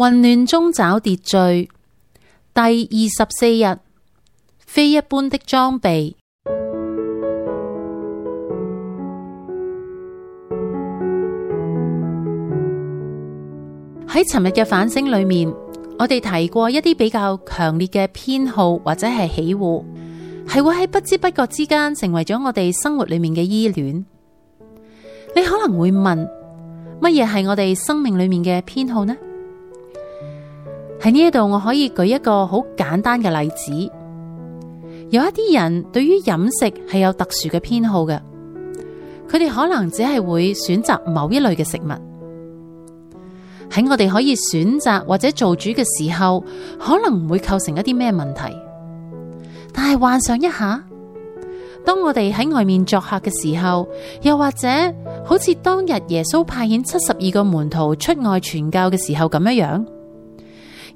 混亂中找秩序。第二十四日，非一般的裝備。喺尋日嘅反省裏面，我哋提過一啲比較強烈嘅偏好或者係喜惡，係會喺不知不覺之間成為咗我哋生活裏面嘅依戀。你可能會問，乜嘢係我哋生命裏面嘅偏好呢？喺呢一度，我可以舉一個好簡單嘅例子。有一啲人對於飲食係有特殊嘅偏好嘅，佢哋可能只係會選擇某一類嘅食物。喺我哋可以選擇或者做主嘅時候，可能唔會構成一啲咩問題。但係幻想一下，當我哋喺外面作客嘅時候，又或者好似當日耶穌派遣七十二個門徒出外傳教嘅時候咁樣樣。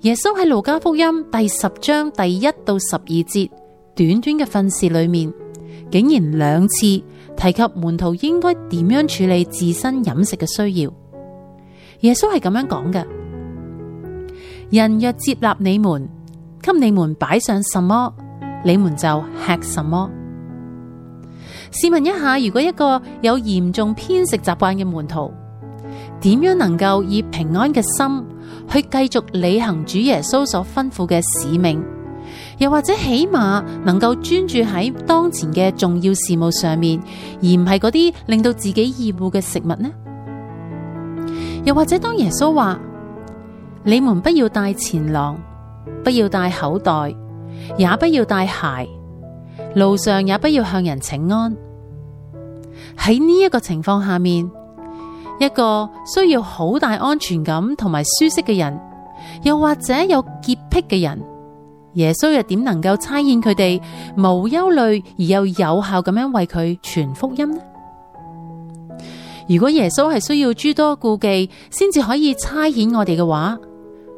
耶穌喺《路加福音》第十章第一到十二節，短短嘅訓示裏面，竟然兩次提及門徒應該點樣處理自身飲食嘅需要。耶穌係咁樣講嘅：人若接納你們，給你們擺上什麼，你們就吃什麼。試問一下，如果一個有嚴重偏食習慣嘅門徒，點樣能夠以平安嘅心去繼續履行主耶穌所吩咐嘅使命，又或者起碼能夠專注喺當前嘅重要事務上面，而唔係嗰啲令到自己厭惡嘅食物呢？又或者當耶穌話：你們不要帶錢囊，不要帶口袋，也不要帶鞋，路上也不要向人請安。喺呢一個情況下面。一個需要好大安全感同埋舒適嘅人，又或者有潔癖嘅人，耶穌又點能夠差遣佢哋無憂慮而又有效咁樣為佢傳福音呢？如果耶穌係需要諸多顧忌先至可以差遣我哋嘅話，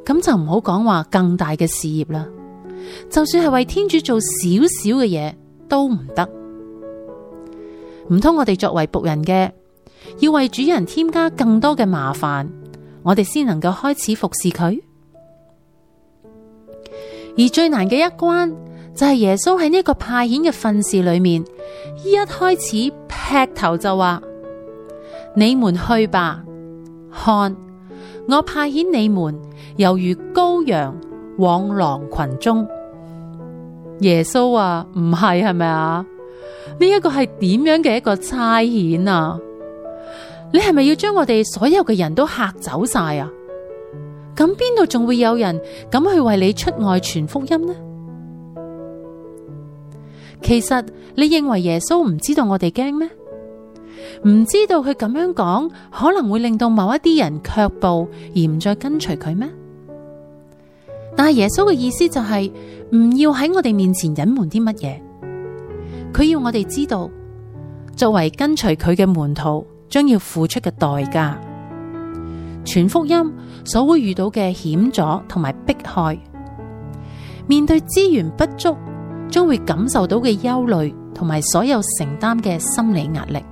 咁就唔好講話更大嘅事業啦。就算係為天主做少少嘅嘢都唔得，唔通我哋作為僕人嘅？要為主人添加更多嘅麻煩，我哋先能夠開始服侍佢。而最難嘅一關就係、是、耶穌喺呢個派遣嘅訓示裏面，一開始劈頭就話：你們去吧，看，我派遣你們，猶如羔羊往狼群中。耶穌啊，唔係係咪啊？呢一、這個係點樣嘅一個差遣啊？你係咪要將我哋所有嘅人都嚇走晒啊？咁邊度仲會有人敢去為你出外傳福音呢？其實你認為耶穌唔知道我哋驚咩？唔知道佢咁樣講可能會令到某一啲人卻步而唔再跟隨佢咩？但係耶穌嘅意思就係唔要喺我哋面前隱瞞啲乜嘢，佢要我哋知道，作為跟隨佢嘅門徒將要付出嘅代價，傳福音所會遇到嘅險阻同埋迫害，面對資源不足，將會感受到嘅憂慮同埋所有承擔嘅心理壓力，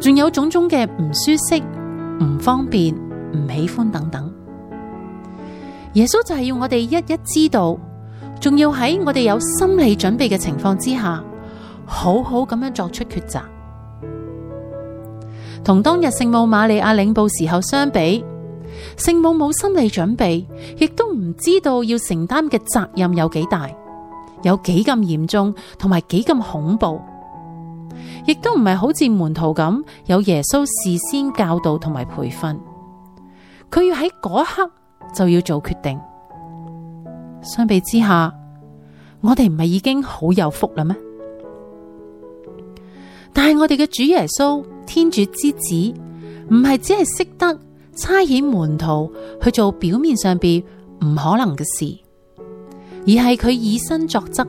仲有種種嘅唔舒適、唔方便、唔喜歡等等。耶穌就係要我哋一一知道，仲要喺我哋有心理準備嘅情況之下，好好咁樣作出抉擇。同當日聖母瑪利亞領報時候相比，聖母冇心理準備，亦都唔知道要承擔嘅責任有幾大，有幾咁嚴重，同埋幾咁恐怖，亦都唔係好似門徒咁有耶穌事先教導同埋培訓，佢要喺嗰刻就要做決定。相比之下，我哋唔係已經好有福啦咩？但係我哋嘅主耶穌，天主之子唔係只係識得差遣門徒去做表面上邊唔可能嘅事，而係佢以身作則，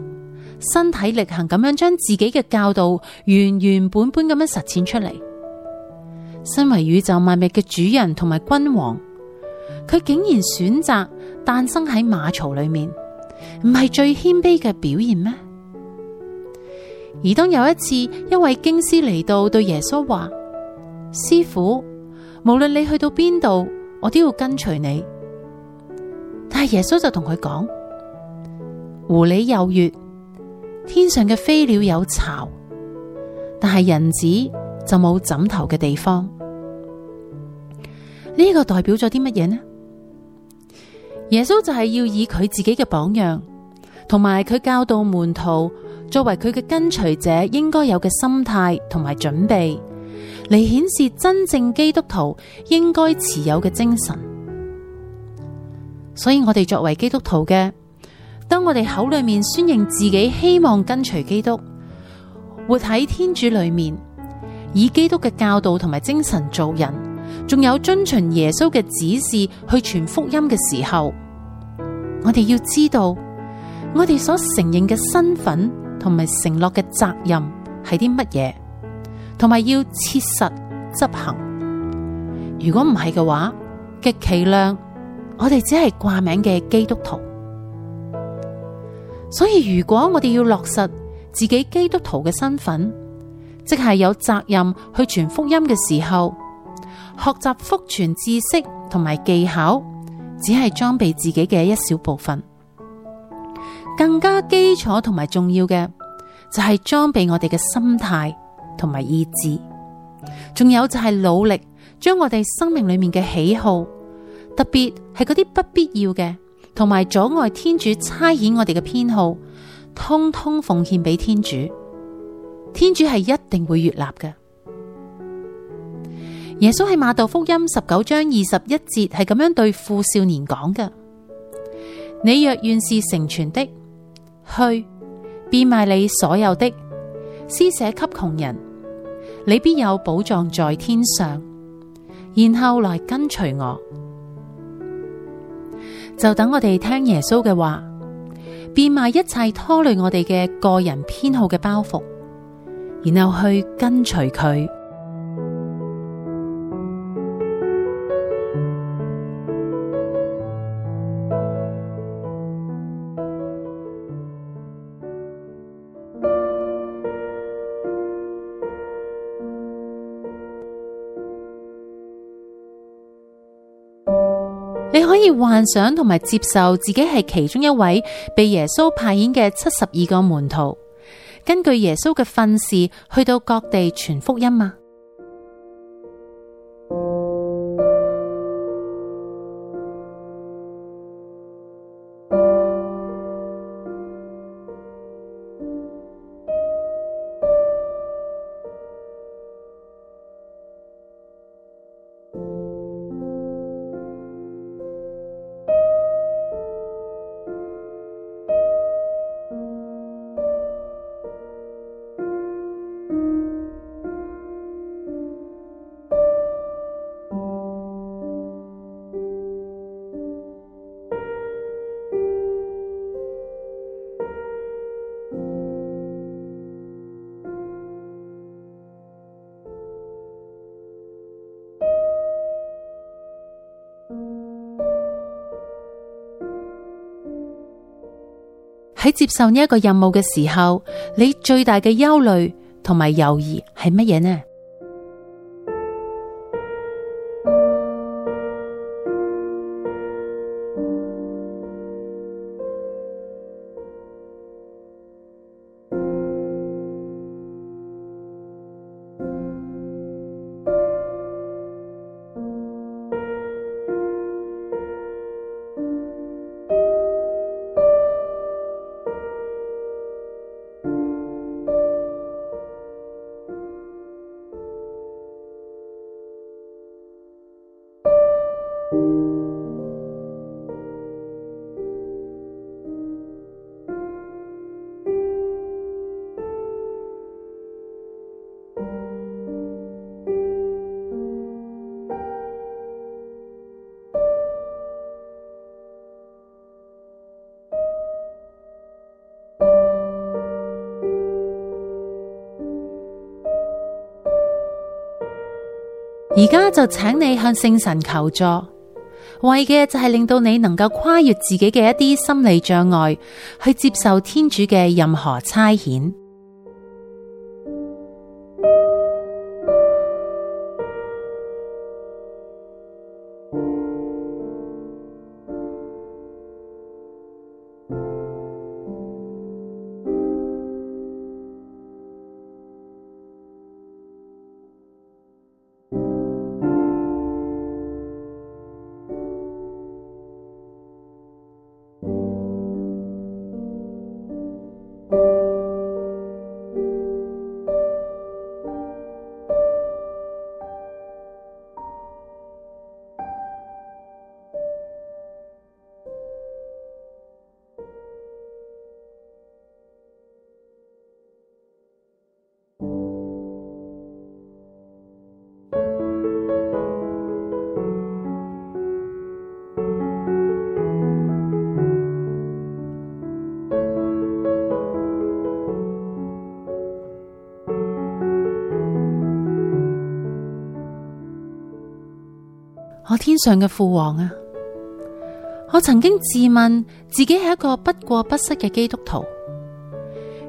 身體力行咁樣將自己嘅教導原原本本咁樣實踐出嚟。身為宇宙萬物嘅主人同埋君王，佢竟然選擇誕生喺馬槽裏面，唔係最謙卑嘅表現咩？而當有一次，一位經師嚟到對耶穌話：師傅，無論你去到邊度，我都要跟隨你。但係耶穌就同佢講：狐狸有穴，天上嘅飛鳥有巢，但係人子就冇枕頭嘅地方。呢、這個代表咗啲乜嘢呢？耶穌就係要以佢自己嘅榜樣，同埋佢教導門徒。作為佢嘅跟隨者，應該有嘅心態同埋準備，嚟顯示真正基督徒應該持有嘅精神。所以我哋作為基督徒嘅，當我哋口裏面宣認自己希望跟隨基督，活喺天主裏面，以基督嘅教導同埋精神做人，仲有遵循耶穌嘅指示去傳福音嘅時候，我哋要知道我哋所承認嘅身份，同埋承諾嘅責任係啲乜嘢，同埋要切實執行。如果唔係嘅話，極其量，我哋只係掛名嘅基督徒。所以如果我哋要落實自己基督徒嘅身份，即係有責任去傳福音嘅時候，學習福傳知識同埋技巧，只係裝備自己嘅一小部分。更加基礎同埋重要嘅就係、是、裝備我哋嘅心態同埋意志，仲有就係努力將我哋生命裏面嘅喜好，特別係嗰啲不必要嘅同埋阻礙天主差遣我哋嘅偏好，通通奉獻俾天主。天主係一定會悅納嘅。耶穌喺瑪竇福音十九章二十一節係咁樣對富少年講嘅：你若願是成全的。去，變賣你所有的，施捨給窮人，你必有寶藏在天上。然後來跟隨我，就等我哋聽耶穌嘅話，變賣一切拖累我哋嘅個人偏好嘅包袱，然後去跟隨佢。你可以幻想同埋接受自己係其中一位被耶穌派遣嘅七十二個門徒，根據耶穌嘅訓示去到各地傳福音嗎？喺接受呢一個任務嘅時候，你最大嘅憂慮同埋猶豫係乜嘢呢？而家就請你向聖神求助。為嘅就係令到你能夠跨越自己嘅一啲心理障礙，去接受天主嘅任何差遣。天上嘅父王啊！我曾經自問自己係一個不過不失嘅基督徒，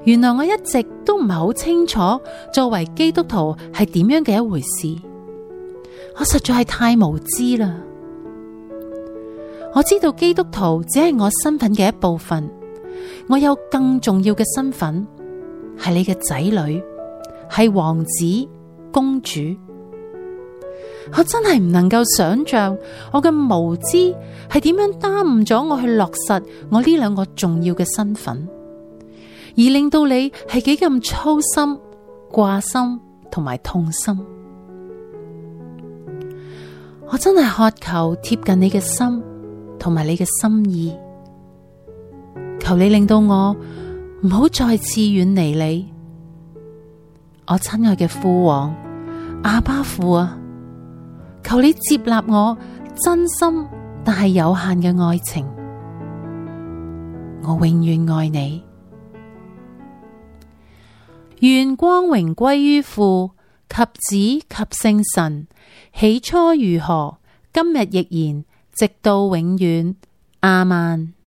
原來我一直都唔係好清楚作為基督徒係點樣嘅一回事。我實在係太無知啦！我知道基督徒只係我身份嘅一部分，我有更重要嘅身份係你嘅仔女，係王子公主。我真係唔能夠想象我嘅無知係點樣耽誤咗我去落實我呢兩個重要嘅身份，而令到你係幾咁操心、掛心同埋痛心。我真係渴求貼近你嘅心同埋你嘅心意，求你令到我唔好再次遠離你，我親愛嘅父王，阿爸父啊！求你接納我真心但係有限嘅愛情，我永遠愛你。願光榮歸於父及子及聖神，起初如何，今日亦然，直到永遠。亞孟。